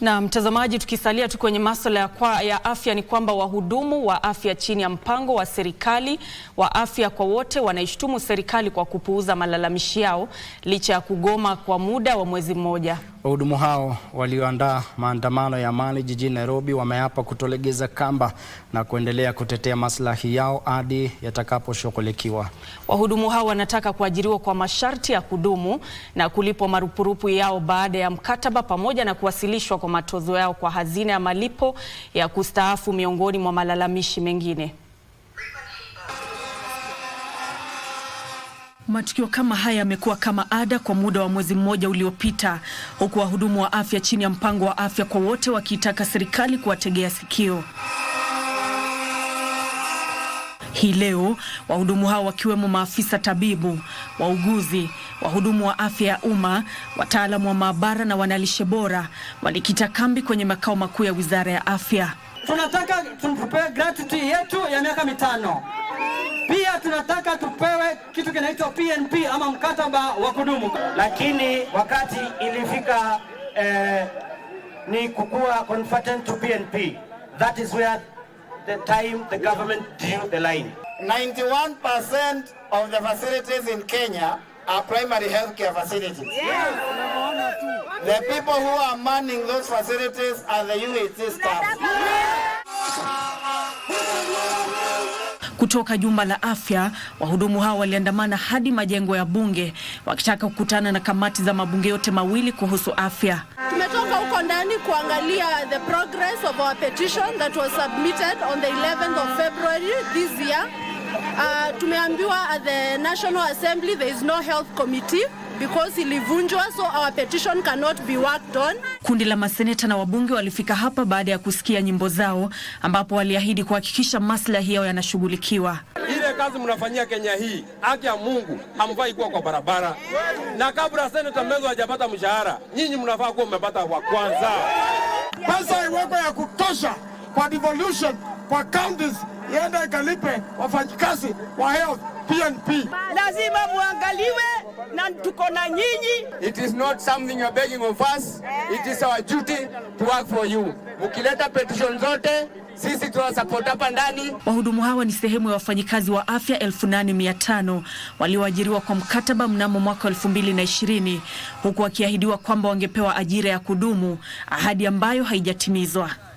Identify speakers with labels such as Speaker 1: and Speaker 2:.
Speaker 1: Na mtazamaji, tukisalia tu kwenye masuala ya, ya afya ni kwamba wahudumu wa afya chini ya mpango wa serikali wa afya kwa wote wanaishtumu serikali kwa kupuuza malalamishi yao licha ya kugoma kwa muda wa mwezi mmoja.
Speaker 2: Wahudumu hao walioandaa maandamano ya amani jijini Nairobi wameapa kutolegeza kamba na kuendelea kutetea maslahi yao hadi yatakaposhughulikiwa.
Speaker 1: Wahudumu hao wanataka kuajiriwa kwa masharti ya kudumu na kulipwa marupurupu yao baada ya mkataba pamoja na kuwasilishwa kwa matozo yao kwa hazina ya malipo ya kustaafu miongoni mwa malalamishi mengine. Matukio kama haya yamekuwa kama ada kwa muda wa mwezi mmoja uliopita, huku wahudumu wa afya chini ya mpango wa afya kwa wote wakiitaka serikali kuwategea sikio. Hii leo wahudumu hao wakiwemo maafisa tabibu, wauguzi, wahudumu wa afya ya umma, wataalamu wa maabara na wanalishe bora walikita kambi kwenye makao makuu ya Wizara ya Afya.
Speaker 3: Tunataka tupewe gratuity yetu ya miaka mitano. Pia tunataka tupewe kitu kinaitwa PNP ama mkataba wa kudumu,
Speaker 4: lakini wakati ilifika eh, ni kukua confident to PNP. That is where the time the government drew the line.
Speaker 5: 91% of the facilities in Kenya are primary healthcare facilities. Yes. The people who are manning those facilities are the UHC staff.
Speaker 1: kutoka jumba la afya. Wahudumu hao waliandamana hadi majengo ya bunge wakitaka kukutana na kamati za mabunge yote mawili kuhusu afya.
Speaker 6: Tumetoka huko ndani kuangalia the progress of our petition that was submitted on the 11th of February this year. Uh, tumeambiwa at the National Assembly there is no health committee because ilivunjwa so our petition cannot be worked on.
Speaker 1: Kundi la maseneta na wabunge walifika hapa baada ya kusikia nyimbo zao ambapo waliahidi kuhakikisha maslahi yao yanashughulikiwa.
Speaker 7: Ile kazi mnafanyia Kenya hii, haki ya Mungu, hamfai kuwa kwa barabara, na kabla seneta mmezo hajapata mshahara, nyinyi mnafaa kuwa mmepata wa kwanza.
Speaker 8: Pesa iwekwe ya kutosha kwa devolution kwa counties iende ikalipe wafanyikazi wa health PNP.
Speaker 9: Lazima muangaliwe na tuko na nyinyi.
Speaker 10: It is not something you are begging of us. It is our duty to work for you.
Speaker 11: Mukileta petition zote sisi tunasupport hapa ndani.
Speaker 1: Wahudumu hawa ni sehemu ya wafanyikazi wa afya 8500 walioajiriwa kwa mkataba mnamo mwaka 2020 huku wakiahidiwa kwamba wangepewa ajira ya kudumu, ahadi ambayo haijatimizwa.